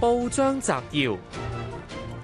報章摘要：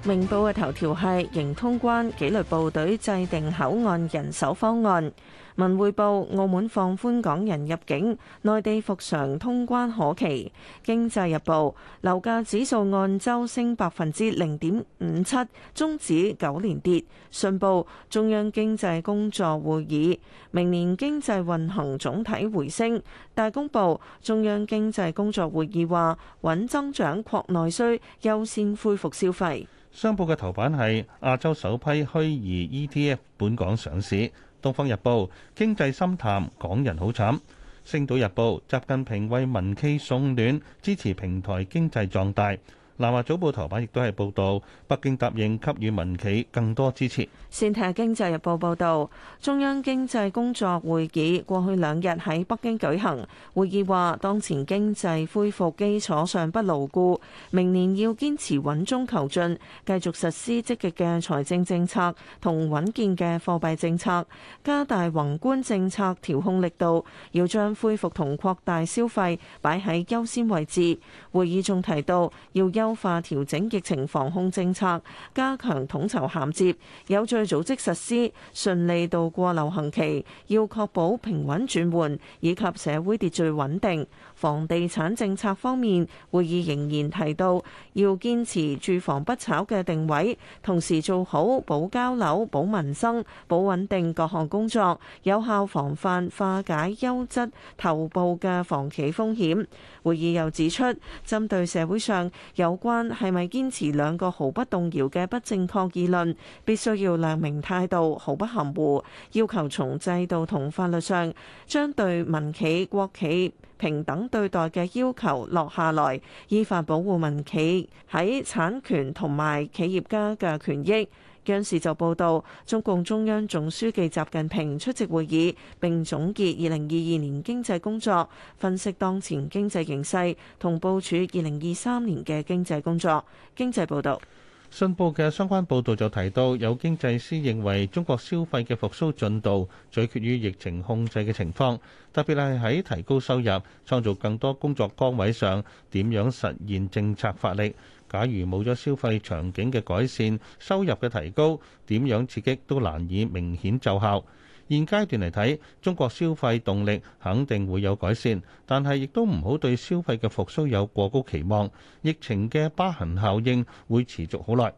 明報嘅頭條係，迎通關紀律部隊制定口岸人手方案。文匯報：澳門放寬港人入境，內地復常通關可期。經濟日報：樓價指數按周升百分之零點五七，終止九連跌。信報：中央經濟工作會議明年經濟運行總體回升。大公報：中央經濟工作會議話穩增長擴內需，優先恢復消費。商報嘅頭版係亞洲首批虛擬 ETF 本港上市。《東方日報》經濟深談，港人好慘。《星島日報》習近平為民企送暖，支持平台經濟壯大。南華早報頭版亦都係報道，北京答應給予民企更多支持。先睇下《經濟日報》報道，中央經濟工作會議過去兩日喺北京舉行。會議話，當前經濟恢復基礎尚不牢固，明年要堅持穩中求進，繼續實施積極嘅財政政策同穩健嘅貨幣政策，加大宏觀政策調控力度，要將恢復同擴大消費擺喺優先位置。會議仲提到，要優優化調整疫情防控政策，加強統籌銜接，有序組織實施，順利度過流行期。要確保平穩轉換以及社會秩序穩定。房地產政策方面，會議仍然提到要堅持住房不炒嘅定位，同時做好保交樓、保民生、保穩定各項工作，有效防範化解優質頭部嘅房企風險。會議又指出，針對社會上有有關係咪堅持兩個毫不動搖嘅不正確議論，必須要亮明態度，毫不含糊，要求從制度同法律上將對民企、國企平等對待嘅要求落下，下來，依法保護民企喺產權同埋企業家嘅權益。央視就報道，中共中央總書記習近平出席會議，並總結二零二二年經濟工作，分析當前經濟形勢，同部署二零二三年嘅經濟工作。經濟報導。信報嘅相關報導就提到，有經濟師認為，中國消費嘅復甦進度取決於疫情控制嘅情況，特別係喺提高收入、創造更多工作崗位上，點樣實現政策發力。假如冇咗消費場景嘅改善、收入嘅提高，點樣刺激都難以明顯奏效。現階段嚟睇，中國消費動力肯定會有改善，但係亦都唔好對消費嘅復甦有過高期望。疫情嘅疤痕效應會持續好耐。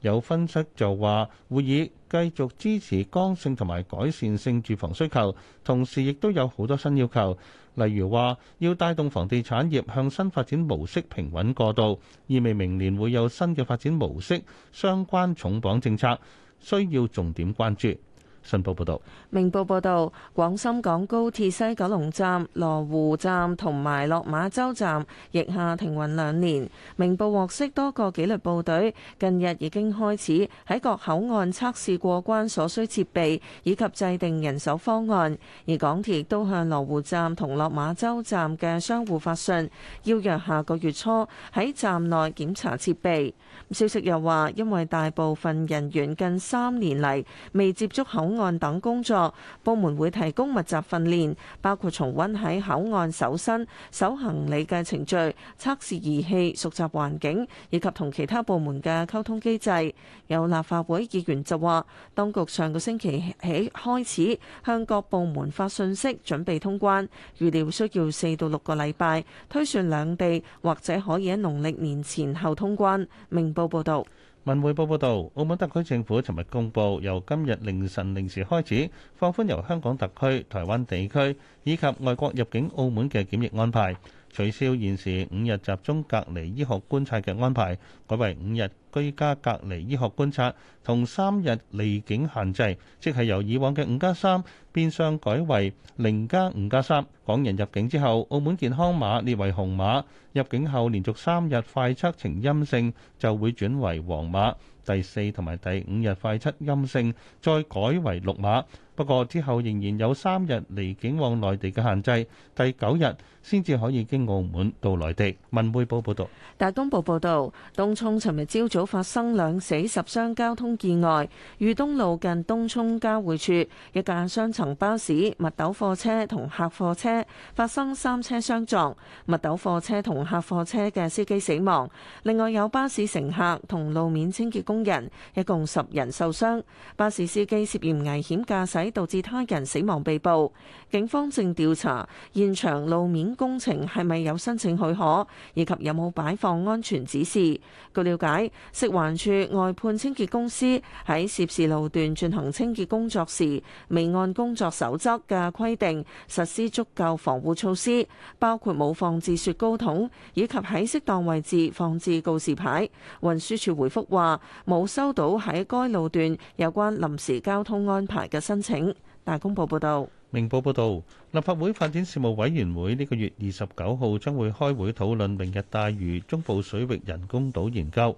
有分析就話，會議繼續支持剛性同埋改善性住房需求，同時亦都有好多新要求，例如話要帶動房地產業向新發展模式平穩過渡，意味明年會有新嘅發展模式相關重磅政策，需要重點關注。新報報導，明報報道：廣深港高鐵西九龍站、羅湖站同埋落馬洲站亦下停運兩年。明報獲悉，多個紀律部隊近日已經開始喺各口岸測試過關所需設備，以及制定人手方案。而港鐵都向羅湖站同落馬洲站嘅商戶發信，邀約下個月初喺站內檢查設備。消息又話，因為大部分人員近三年嚟未接觸口岸。案等工作，部門會提供密集訓練，包括重温喺口岸搜身、搜行李嘅程序、測試儀器、熟習環境，以及同其他部門嘅溝通機制。有立法會議員就話，當局上個星期起開始向各部門發信息準備通關，預料需要四到六個禮拜，推算兩地或者可以喺農曆年前後通關。明報報道。文匯報報道，澳門特區政府尋日公布，由今日凌晨零時開始，放寬由香港特區、台灣地區以及外國入境澳門嘅檢疫安排，取消現時五日集中隔離醫學觀察嘅安排，改為五日居家隔離醫學觀察。同三日離境限制，即係由以往嘅五加三變相改為零加五加三。港人入境之後，澳門健康碼列為紅碼，入境後連續三日快測呈陰性就會轉為黃碼，第四同埋第五日快測陰性再改為綠碼。不過之後仍然有三日離境往內地嘅限制，第九日先至可以經澳門到內地。文匯報報導，大東報報導，東涌尋日朝早發生兩死十傷交通意外，裕東路近東涌交匯處，一架雙層巴士、密斗貨車同客貨車發生三車相撞，密斗貨車同客貨車嘅司機死亡，另外有巴士乘客同路面清潔工人一共十人受傷。巴士司機涉嫌危險駕駛導致他人死亡被捕，警方正調查現場路面工程係咪有申請許可以及有冇擺放安全指示。據了解，食環處外判清潔公司。喺涉事路段進行清潔工作時，未按工作守則嘅規定實施足夠防護措施，包括冇放置雪糕筒，以及喺適當位置放置告示牌。運輸署回覆話冇收到喺該路段有關臨時交通安排嘅申請。大公報報導，明報報導，立法會發展事務委員會呢個月二十九號將會開會討論明日大嶼中部水域人工島研究。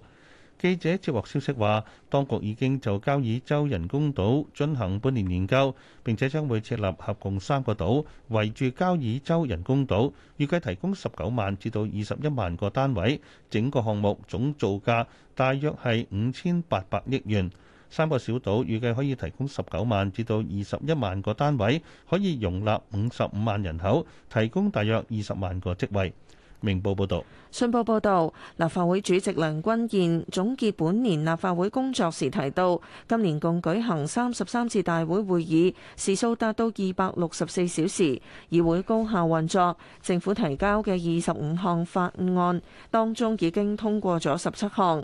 記者接獲消息話，當局已經就交椅洲人工島進行半年研究，並且將會設立合共三個島，圍住交椅洲人工島，預計提供十九萬至到二十一萬個單位。整個項目總造價大約係五千八百億元。三個小島預計可以提供十九萬至到二十一萬個單位，可以容納五十五萬人口，提供大約二十萬個職位。明報報導，信報報導，立法會主席梁君彥總結本年立法會工作時提到，今年共舉行三十三次大會會議，時數達到二百六十四小時，議會高效運作。政府提交嘅二十五項法案當中，已經通過咗十七項。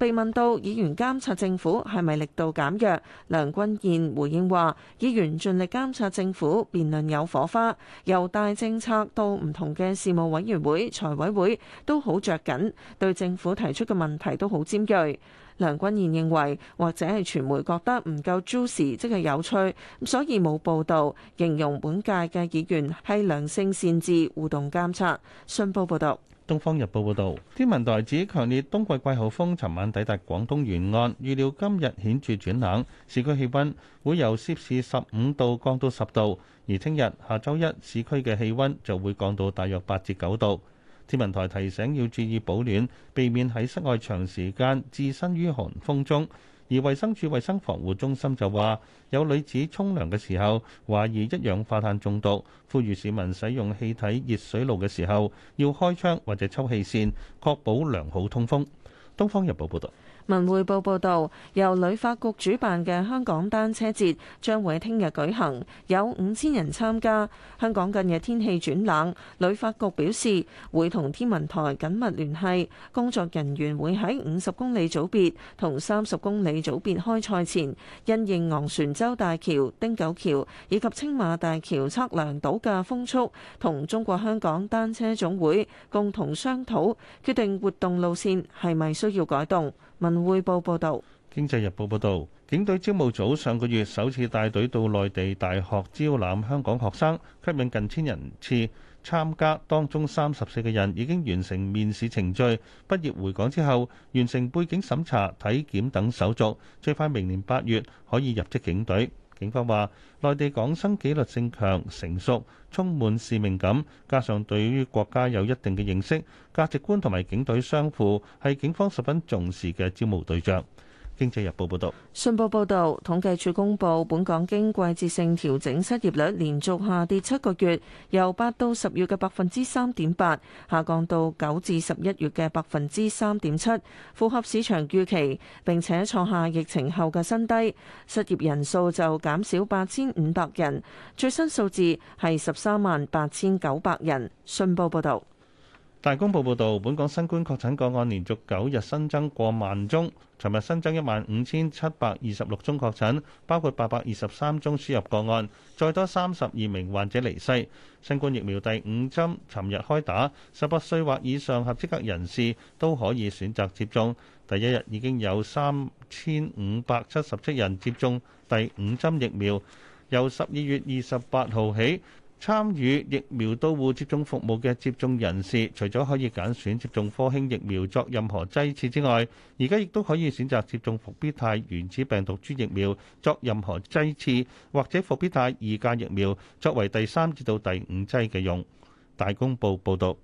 被問到議員監察政府係咪力度減弱，梁君彥回應話：議員盡力監察政府，辯論有火花，由大政策到唔同嘅事務委員會、財委會都好着緊，對政府提出嘅問題都好尖鋭。梁君彥認為，或者係傳媒覺得唔夠 juicy，即係有趣，所以冇報導。形容本屆嘅議員係良性善治互動監察。信報報道。《東方日報》報道，天文台指強烈冬季季候風尋晚抵達廣東沿岸，預料今日顯著轉冷，市區氣温會由攝氏十五度降到十度，而聽日下周一市區嘅氣温就會降到大約八至九度。天文台提醒要注意保暖，避免喺室外長時間置身於寒風中。而衛生署衞生防護中心就話，有女子沖涼嘅時候懷疑一氧化碳中毒，呼籲市民使用氣體熱水爐嘅時候要開窗或者抽氣扇，確保良好通風。《東方日報》報導，《文匯報》報導，由旅發局主辦嘅香港單車節將會喺聽日舉行，有五千人參加。香港近日天氣轉冷，旅發局表示會同天文台緊密聯繫，工作人員會喺五十公里組別同三十公里組別開賽前，因應昂船洲大橋、汀九橋以及青馬大橋測量到嘅風速，同中國香港單車總會共同商討，決定活動路線係咪需要改動。文匯報報道，經濟日報報道，警隊招募組上個月首次帶隊到內地大學招攬香港學生，吸引近千人次參加，當中三十四個人已經完成面試程序，畢業回港之後，完成背景審查、體檢等手續，最快明年八月可以入職警隊。警方話，內地港生紀律性強、成熟、充滿使命感，加上對於國家有一定嘅認識、價值觀同埋警隊相符，係警方十分重視嘅招募對象。經濟日報報道，信報報道，統計處公佈，本港經季節性調整失業率連續下跌七個月，由八到十月嘅百分之三點八下降到九至十一月嘅百分之三點七，符合市場預期，並且創下疫情後嘅新低。失業人數就減少八千五百人，最新數字係十三萬八千九百人。信報報道。大公報報導，本港新冠確診個案連續九日新增過萬宗，尋日新增一萬五千七百二十六宗確診，包括八百二十三宗輸入個案，再多三十二名患者離世。新冠疫苗第五針尋日開打，十八歲或以上合資格人士都可以選擇接種，第一日已經有三千五百七十七人接種第五針疫苗，由十二月二十八號起，參與疫苗到戶接種服務嘅接種人士，除咗可以揀選接種科興疫苗作任何劑次之外，而家亦都可以選擇接種復必泰原始病毒株疫苗作任何劑次，或者復必泰二價疫苗作為第三至到第五劑嘅用。大公報報導。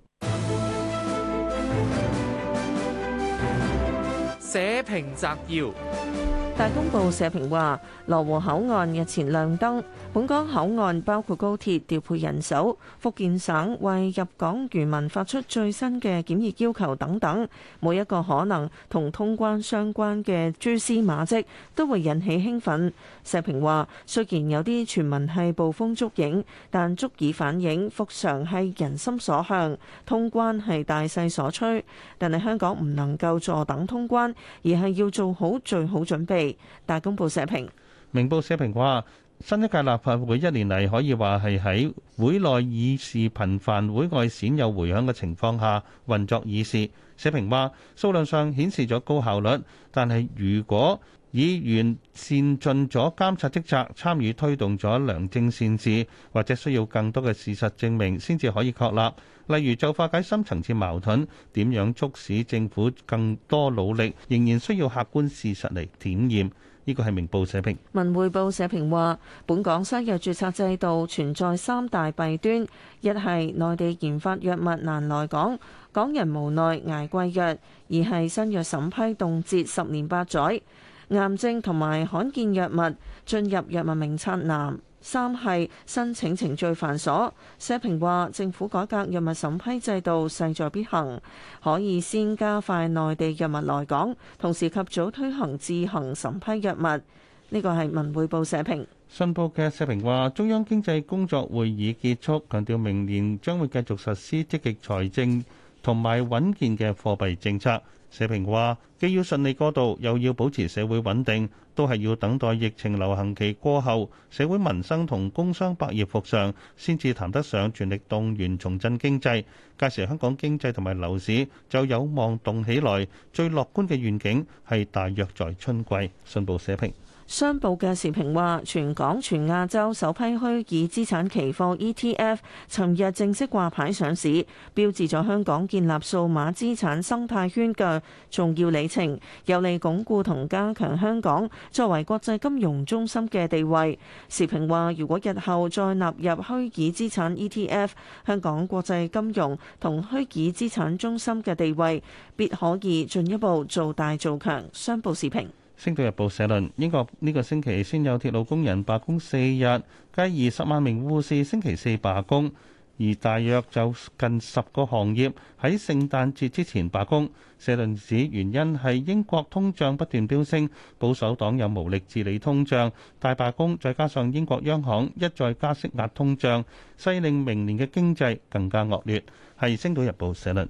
社評摘要。大公報社評話：羅湖口岸日前亮燈，本港口岸包括高鐵調配人手，福建省為入港漁民發出最新嘅檢疫要求等等，每一個可能同通關相關嘅蛛絲馬跡，都會引起興奮。社評話：雖然有啲傳聞係捕風捉影，但足以反映復常係人心所向，通關係大勢所趨。但係香港唔能夠坐等通關，而係要做好最好準備。大公報社評。明報社評話，新一屆立法會一年嚟，可以話係喺會內議事頻繁、會外鮮有回響嘅情況下運作議事。社評話，數量上顯示咗高效率，但係如果議員善盡咗監察職責，參與推動咗良政善治，或者需要更多嘅事實證明先至可以確立。例如就化解深層次矛盾，點樣促使政府更多努力，仍然需要客觀事實嚟檢驗。呢個係明報社評。文匯報社評話，本港新藥註冊制度存在三大弊端：一係內地研發藥物難來港，港人無奈挨貴藥；二係新藥審批凍結十年八載，癌症同埋罕見藥物進入藥物名冊難。三係申請程序繁瑣，社評話政府改革藥物審批制度勢在必行，可以先加快內地藥物來港，同時及早推行自行審批藥物。呢個係文匯報社評。信報嘅社評話，中央經濟工作會議結束，強調明年將會繼續實施積極財政同埋穩健嘅貨幣政策。社評話：既要順利過渡，又要保持社會穩定，都係要等待疫情流行期過後，社會民生同工商百業復常，先至談得上全力動員重振經濟。屆時香港經濟同埋樓市就有望動起來。最樂觀嘅願景係大約在春季。信報社評。商報嘅時評話：全港全亞洲首批虛擬資產期貨 ETF，尋日正式掛牌上市，標誌咗香港建立數碼資產生態圈嘅重要里程，有利鞏固同加強香港作為國際金融中心嘅地位。時評話：如果日後再納入虛擬資產 ETF，香港國際金融同虛擬資產中心嘅地位，必可以進一步做大做強。商報時評。《星島日報》社論：英國呢個星期先有鐵路工人罷工四日，繼而十萬名護士星期四罷工，而大約就近十個行業喺聖誕節之前罷工。社論指原因係英國通脹不斷飆升，保守黨有無力治理通脹，大罷工再加上英國央行一再加息壓通脹，勢令明年嘅經濟更加惡劣。係《星島日報》社論。